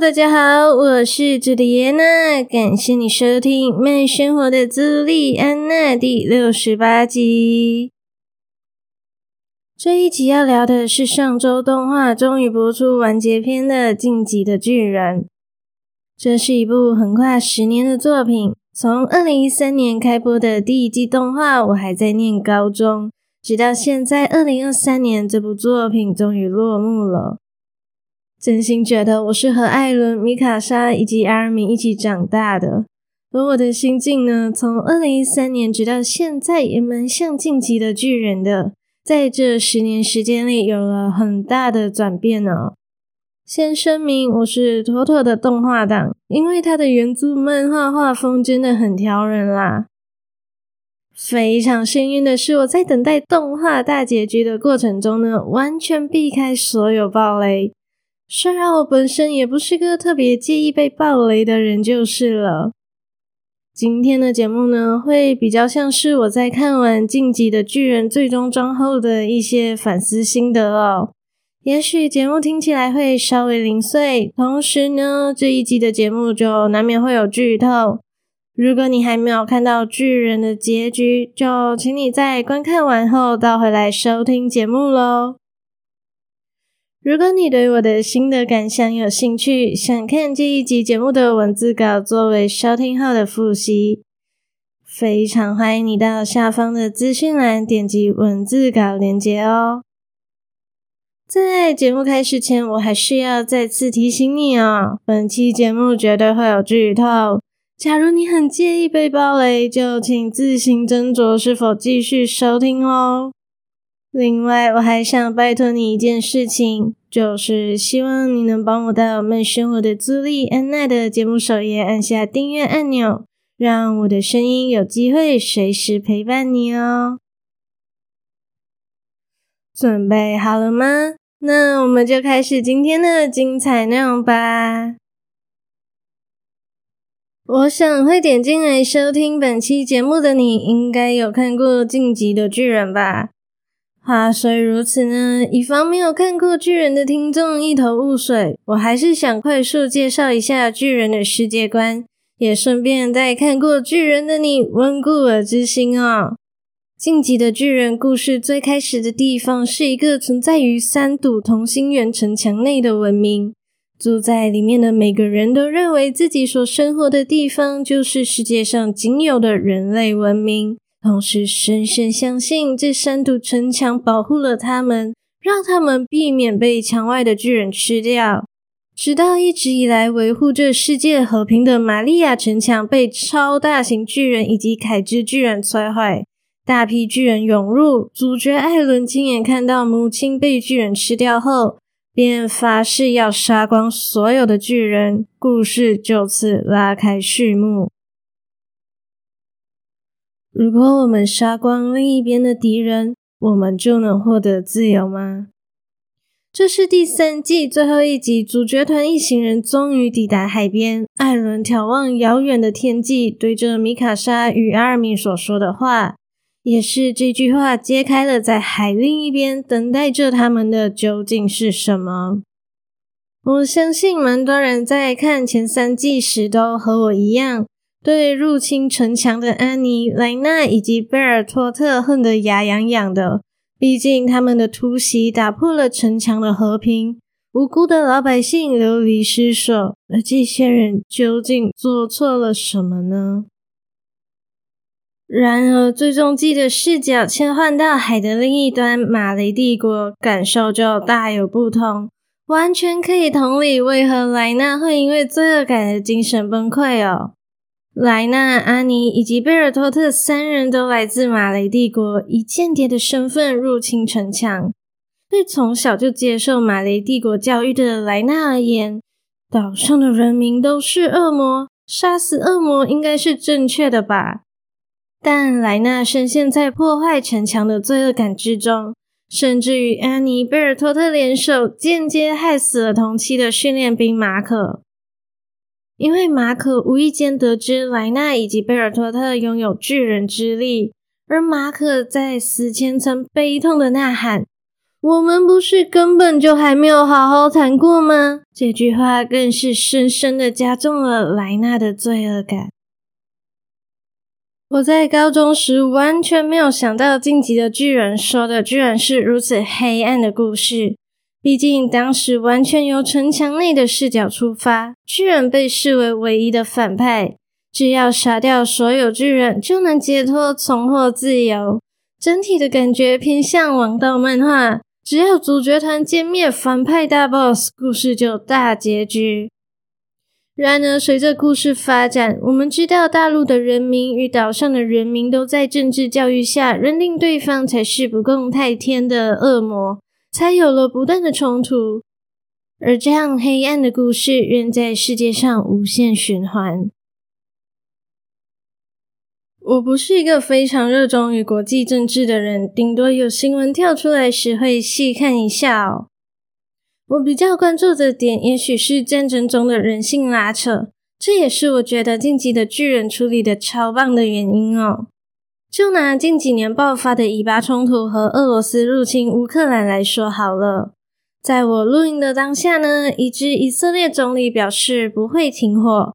大家好，我是朱莉安娜，感謝你收聽《慢生活的朱莉安娜》第六十八集。這一集要聊的是上周動畫終於播出完結篇的《進擊的巨人》。這是一部橫跨十年的作品，從二零一三年開播的第一季動畫，我還在念高中，直到現在二零二三年，這部作品終於落幕了。真心覺得我是和艾倫、米卡莎以及阿爾敏一起長大的，而我的心境呢，從二零一三年直到現在也蠻像《進擊的巨人》的。在這十年時間裡，有了很大的轉變呢喔。先聲明，我是妥妥的動畫黨，因為它的原著漫畫畫風真的很挑人啦。非常幸運的是，我在等待動畫大結局的過程中呢，完全避開所有爆雷。雖然我本身也不是個特別介意被爆雷的人，就是了。今天的節目呢，會比較像是我在看完《進擊的巨人》最終章後的一些反思心得哦。也許節目聽起來會稍微零碎，同時呢，這一集的節目就難免會有劇透。如果你還沒有看到巨人的結局，就請你在觀看完後倒回來收聽節目嘍。如果你對我的心得感想有興趣，想看這一集節目的文字稿作為收聽後的複習，非常歡迎你到下方的資訊欄點擊文字稿連結哦。在節目開始前，我還需要再次提醒你哦，本期節目絕對會有劇透。假如你很介意被暴雷，就請自行斟酌是否繼續收聽哦。另外，我還想拜托你一件事情，就是希望你能幫我到我們生活的 Juliana 的節目首頁按下訂閱按鈕，讓我的聲音有機會隨時陪伴你哦、喔。準備好了嗎？那我們就開始今天的精彩內容吧。我想會點進來收聽本期節目的你應該有看過《進擊的巨人》吧。啊，所以如此呢？以防沒有看過《巨人》的聽眾一頭霧水，我還是想快速介紹一下《巨人的世界觀》，也順便帶看過《巨人》的你溫故而知新哦，進擊的巨人故事最開始的地方是一個存在於三堵同心圓城牆內的文明，住在裡面的每個人都認為自己所生活的地方就是世界上僅有的人類文明。同時，深深相信這三堵城牆保護了他們，讓他們避免被牆外的巨人吃掉。直到一直以來維護著世界和平的瑪利亞城牆被超大型巨人以及鎧之巨人摧毀，大批巨人湧入。主角艾倫親眼看到母親被巨人吃掉後，便發誓要殺光所有的巨人。故事就此拉開序幕。如果我們殺光另一邊的敵人，我們就能獲得自由嗎？這是第三季最後一集，主角團一行人終於抵達海邊。艾倫眺望遙遠的天際，對着米卡莎與阿爾敏所說的話，也是這句話揭開了在海另一邊等待着他們的究竟是什麼。我相信，蠻多人在看前三季時都和我一樣。對入侵城牆的安妮、萊納以及貝爾托特恨得牙癢癢的，畢竟他們的突襲打破了城牆的和平，無辜的老百姓流離失所。而這些人究竟做錯了什麼呢？然而，最終季的視角切換到海的另一端，馬雷帝國感受就大有不同，完全可以同理為何萊納會因為罪惡感的精神崩潰哦。萊納、阿尼以及貝爾托特三人都來自馬雷帝國，以間諜的身份入侵城牆。對從小就接受馬雷帝國教育的萊納而言，島上的人民都是惡魔，殺死惡魔應該是正確的吧？但萊納深陷在破壞城牆的罪惡感之中，甚至與阿尼、貝爾托特聯手，間接害死了同期的訓練兵馬可。因為馬可無意間得知萊納以及貝爾托特擁有巨人之力，而馬可在死前曾悲痛的吶喊：“我們不是根本就還沒有好好談過嗎？”這句話更是深深的加重了萊納的罪惡感。我在高中時完全沒有想到進擊的巨人說的居然是如此黑暗的故事。畢竟當時完全由城牆內的視角出發，巨人被視為唯一的反派，只要殺掉所有巨人就能解脫，重獲自由。整體的感覺偏向王道漫畫，只要主角團殲滅反派大 BOSS，故事就大結局。然而，隨着故事發展，我們知道大陸的人民與島上的人民都在政治教育下認定對方才是不共戴天的惡魔。才有了不斷的衝突，而這樣黑暗的故事，仍在世界上無限循環。我不是一個非常熱衷於國際政治的人，頂多有新聞跳出來時會細看一下喔。我比較關注的點，也許是戰爭中的人性拉扯，這也是我覺得進擊的巨人處理的超棒的原因哦、喔。就拿近幾年爆發的以巴衝突和俄羅斯入侵烏克蘭來說好了。在我錄音的當下呢，已知以色列總理表示不會停火，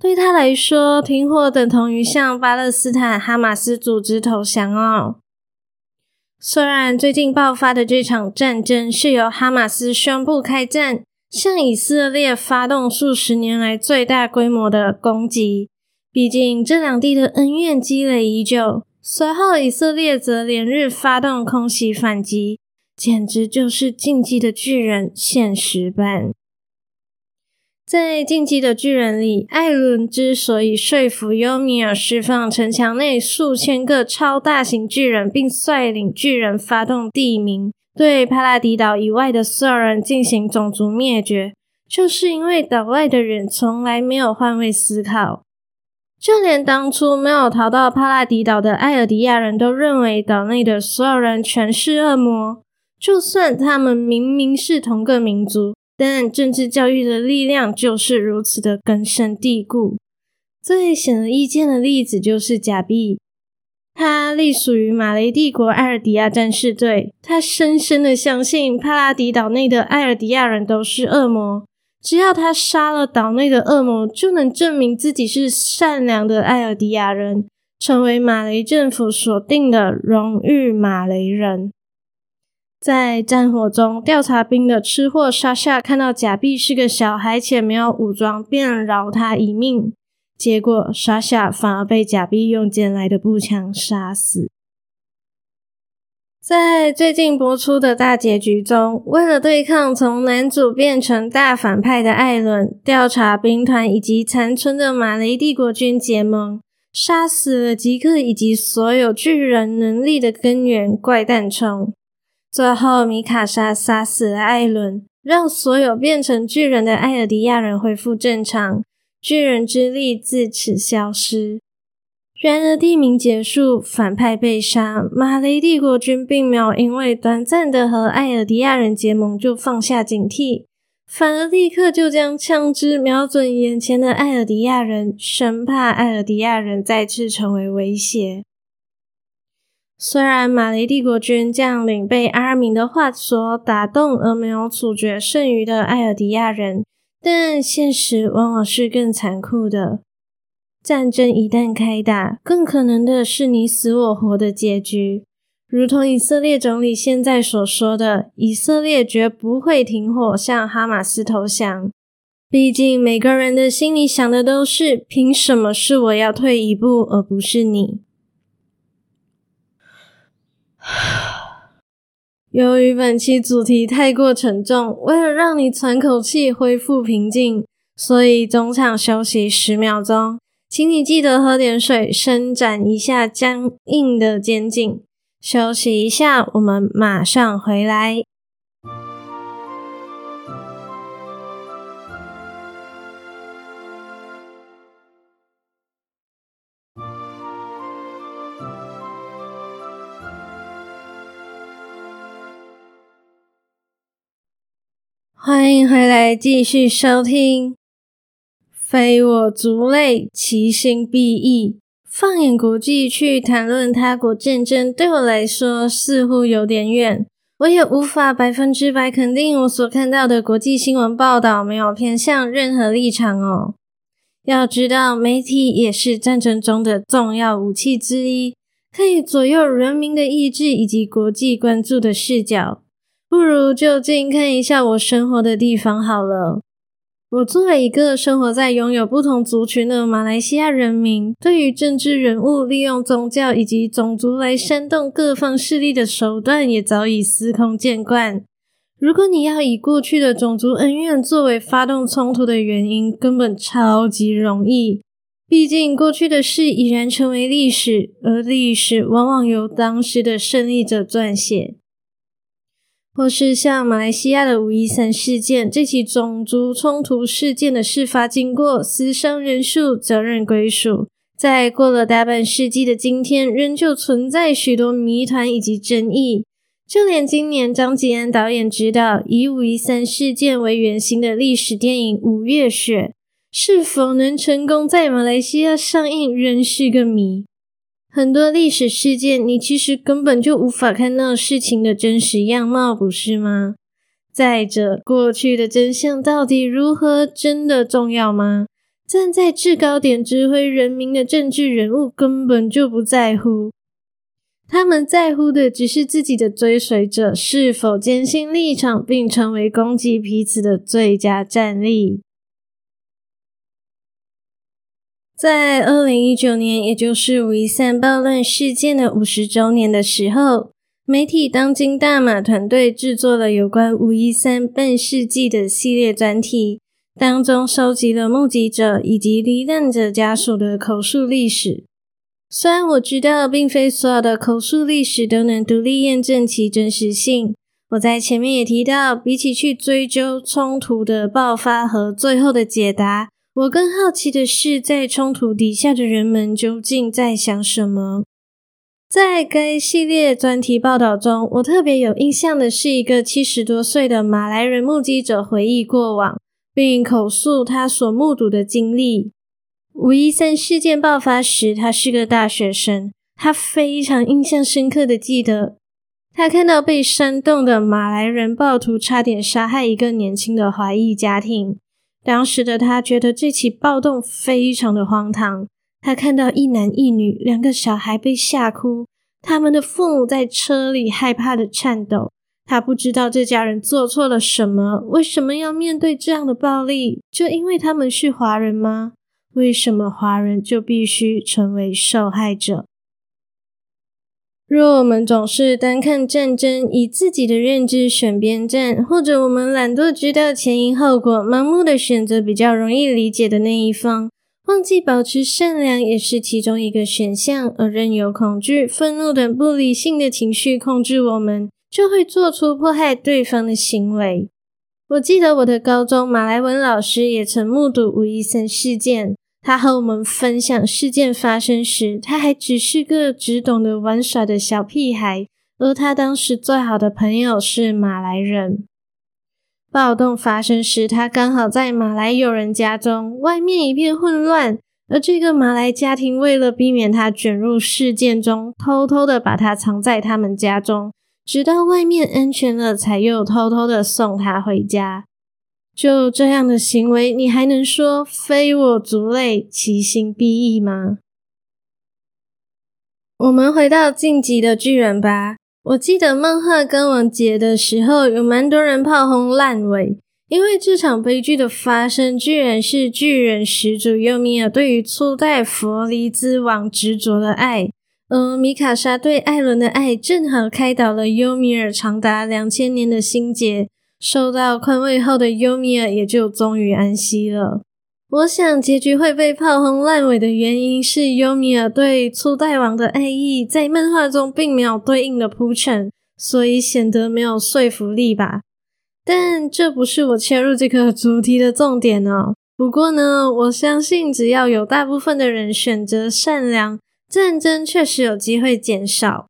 對他來說，停火等同於向巴勒斯坦哈馬斯組織投降哦。雖然最近爆發的這場戰爭是由哈馬斯宣布開戰，向以色列發動數十年來最大規模的攻擊，畢竟這兩地的恩怨積累已久。隨後，以色列則連日發動空襲反擊，簡直就是《進擊的巨人》現實版。在《進擊的巨人》裡，艾倫之所以說服尤米爾釋放城牆內數千個超大型巨人，並率領巨人發動地鳴，對帕拉迪島以外的所有人進行種族滅絕，就是因為島外的人從來沒有換位思考。就連當初沒有逃到帕拉迪島的艾爾迪亞人都認為島內的所有人全是惡魔。就算他們明明是同個民族，但政治教育的力量就是如此的根深蒂固。最顯而易見的例子就是賈碧，他隸屬於馬雷帝國艾爾迪亞戰士隊，他深深的相信帕拉迪島內的艾爾迪亞人都是惡魔。只要他殺了島內的惡魔，就能證明自己是善良的艾爾迪亞人，成為馬雷政府所定的榮譽馬雷人。在戰火中，調查兵的吃貨莎夏看到賈碧是個小孩且沒有武裝，便饒他一命。結果，莎夏反而被賈碧用撿來的步槍殺死。在最近播出的大結局中，為了對抗從男主變成大反派的艾倫，調查兵團以及殘存的馬雷帝國軍結盟，殺死了吉克以及所有巨人能力的根源怪誕蟲。最後，米卡莎殺死了艾倫，讓所有變成巨人的艾爾迪亞人恢復正常，巨人之力自此消失。然而，地鳴結束，反派被殺。馬雷帝國軍並沒有因為短暫的和艾爾迪亞人結盟就放下警惕，反而立刻就將槍支瞄準眼前的艾爾迪亞人，生怕艾爾迪亞人再次成為威脅。雖然馬雷帝國軍將領被阿爾敏的話所打動，而沒有處決剩餘的艾爾迪亞人，但現實往往是更殘酷的。戰爭一旦開打，更可能的是你死我活的結局。如同以色列總理現在所說的：“以色列絕不會停火，向哈馬斯投降。”畢竟每個人的心裡想的都是：憑什麼是我要退一步，而不是你？由於本期主題太過沉重，為了讓你喘口氣，恢復平靜，所以中場休息十秒鐘。請你記得喝點水，伸展一下僵硬的肩頸，休息一下。我們馬上回來。歡迎回來，繼續收聽。非我族類，其心必異。放眼國際去談論他國戰爭，對我來說似乎有點遠。我也無法百分之百肯定我所看到的國際新聞報道沒有偏向任何立場哦。要知道，媒體也是戰爭中的重要武器之一，可以左右人民的意志以及國際關注的視角。不如就近看一下我生活的地方好了。我作為一個生活在擁有不同族群的馬來西亞人民，對於政治人物利用宗教以及種族來煽動各方勢力的手段，也早已司空見慣。如果你要以過去的種族恩怨作為發動衝突的原因，根本超級容易。畢竟過去的事已然成為歷史，而歷史往往由當時的勝利者撰寫。或是像馬來西亞的五一三事件，這起種族衝突事件的事發經過、死傷人數、責任歸屬，在過了大半世紀的今天，仍舊存在許多謎團以及爭議。就連今年張吉安導演執導以五一三事件為原型的歷史電影《五月雪》，是否能成功在馬來西亞上映，仍是個謎。很多歷史事件，你其實根本就無法看到事情的真實樣貌，不是嗎？再者，過去的真相到底如何，真的重要嗎？站在製高點指揮人民的政治人物根本就不在乎，他們在乎的只是自己的追隨者是否堅信立場，並成為攻擊彼此的最佳戰力。在二零一九年，也就是五一三暴亂事件的五十周年的時候，媒體當今大馬團隊製作了有關五一三半世紀的系列專題，當中收集了目擊者以及罹難者家屬的口述歷史。雖然我知道，並非所有的口述歷史都能獨立驗證其真實性。我在前面也提到，比起去追究衝突的爆發和最後的解答。我更好奇的是，在衝突底下的人們究竟在想什麼？在該系列專題報道中，我特別有印象的是一個七十多歲的馬來人目擊者回憶過往，並口述他所目睹的經歷。五一三事件爆發時，他是個大學生，他非常印象深刻的記得，他看到被煽動的馬來人暴徒差點殺害一個年輕的華裔家庭。當時的他覺得這起暴動非常的荒唐。他看到一男一女，兩個小孩被嚇哭，他們的父母在車裡害怕的顫抖。他不知道這家人做錯了什麼，為什麼要面對這樣的暴力？就因為他們是華人嗎？為什麼華人就必須成為受害者？若我們總是單看戰爭，以自己的認知選邊站，或者我們懶惰，知道前因後果，盲目地選擇比較容易理解的那一方，忘記保持善良也是其中一個選項，而任由恐懼、憤怒等不理性的情緒控制我們，就會做出迫害對方的行為。我記得我的高中馬來文老師也曾目睹五一三事件。他和我們分享事件發生時，他還只是個只懂得玩耍的小屁孩，而他當時最好的朋友是馬來人。暴動發生時，他剛好在馬來友人家中，外面一片混亂，而這個馬來家庭為了避免他捲入事件中，偷偷的把他藏在他們家中，直到外面安全了，才又偷偷的送他回家。就這樣的行為，你還能說“非我族類，其心必異”嗎？我們回到進擊的巨人吧。我記得漫畫跟完結的時候，有蠻多人炮轟爛尾，因為這場悲劇的發生，居然是巨人始祖尤米爾對於初代弗里茲王執着的愛，而米卡莎對艾倫的愛，正好開導了尤米爾長達兩千年的心結。受到寬慰後的尤米爾也就終於安息了。我想結局會被炮轟爛尾的原因是，尤米爾對初代王的愛意在漫畫中並沒有對應的鋪陳，所以顯得沒有說服力吧。但這不是我切入這個主題的重點哦。不過呢，我相信只要有大部分的人選擇善良，戰爭確實有機會減少。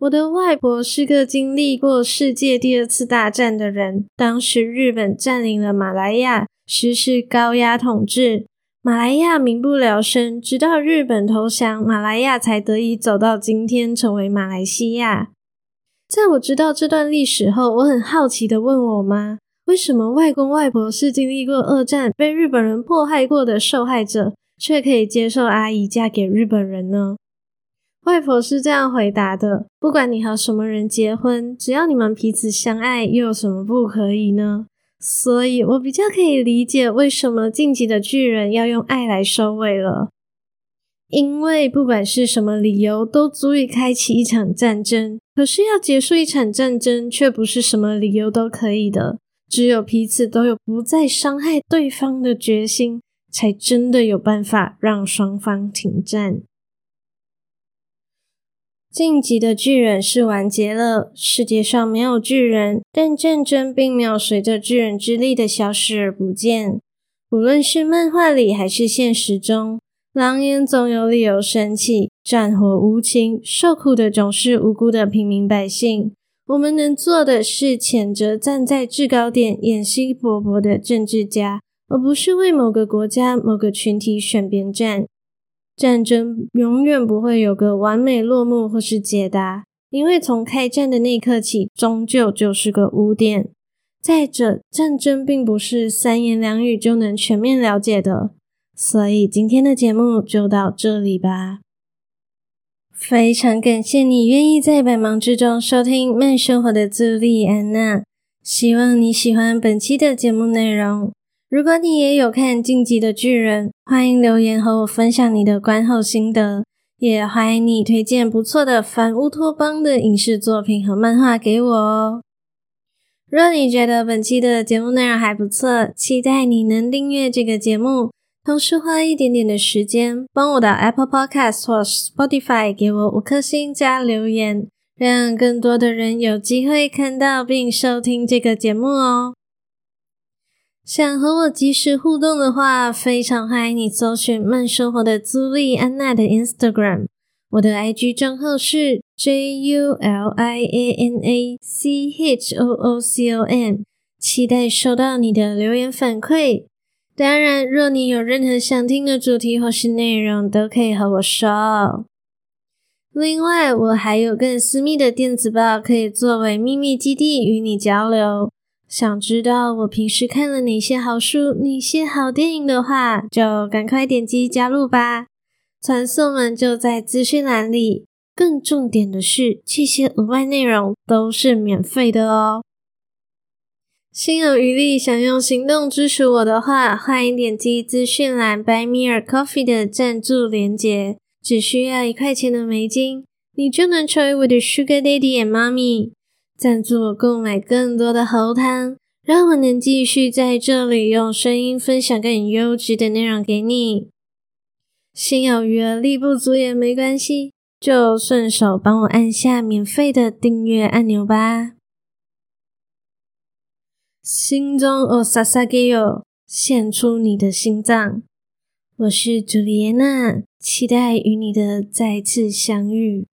我的外婆是個經歷過世界第二次大戰的人。當時日本占領了馬來亞，實施高壓統治，馬來亞民不聊生。直到日本投降，馬來亞才得以走到今天，成為馬來西亞。在我知道這段歷史後，我很好奇地問我媽：“為什麼外公外婆是經歷過二戰、被日本人迫害過的受害者，卻可以接受阿姨嫁給日本人呢？”外婆是這樣回答的：“不管你和什麼人結婚，只要你們彼此相愛，又有什麼不可以呢？”所以，我比較可以理解為什麼《進擊的巨人》要用愛來收尾了。因為不管是什麼理由，都足以開啟一場戰爭。可是，要結束一場戰爭，卻不是什麼理由都可以的。只有彼此都有不再傷害對方的決心，才真的有辦法讓雙方停戰。進擊的巨人是完結了，世界上沒有巨人，但戰爭並沒有隨着巨人之力的消失而不見。無論是漫畫裡還是現實中，狼煙總有理由升起，戰火無情，受苦的總是無辜的平民百姓。我們能做的是譴責站在制高點、野心勃勃的政治家，而不是為某個國家、某個群體選邊站。戰爭永遠不會有個完美落幕或是解答，因為從開戰的那一刻起，終究就是個污點。再者，戰爭並不是三言兩語就能全面了解的。所以，今天的節目就到這裡吧。非常感謝你願意在百忙之中收聽慢生活的朱莉安娜，希望你喜歡本期的節目內容。如果你也有看《進擊的巨人》，歡迎留言和我分享你的觀後心得，也歡迎你推薦不錯的反烏托邦的影視作品和漫畫給我哦。若你覺得本期的節目內容還不錯，期待你能訂閱這個節目，同時花一點點的時間，幫我的 Apple Podcast 或 Spotify 給我五顆星加留言，讓更多的人有機會看到並收聽這個節目哦。想和我及時互動的話，非常歡迎你搜尋“慢生活”的朱莉安娜的 Instagram。我的 IG 賬號是 julianachoocom，期待收到你的留言反饋。當然，若你有任何想聽的主題或是內容，都可以和我說哦。另外，我還有更私密的電子報，可以作為秘密基地與你交流。想知道我平時看了哪些好書、哪些好電影的話，就趕快點擊加入吧！傳送門就在資訊欄裡。更重點的是，這些額外內容都是免費的哦。心有餘力想用行動支持我的話，歡迎點擊資訊欄 Buy Me a Coffee 的贊助連結，只需要一塊錢的美金，你就能成為我的 Sugar Daddy and Mommy。贊助我購買更多的喉糖，讓我能繼續在這裡用聲音分享更優質的內容給你。心有餘而力不足也沒關係，就順手幫我按下免費的訂閱按鈕吧。心臓を捧げよ，獻出你的心臟。我是朱麗安娜，期待與你的再次相遇。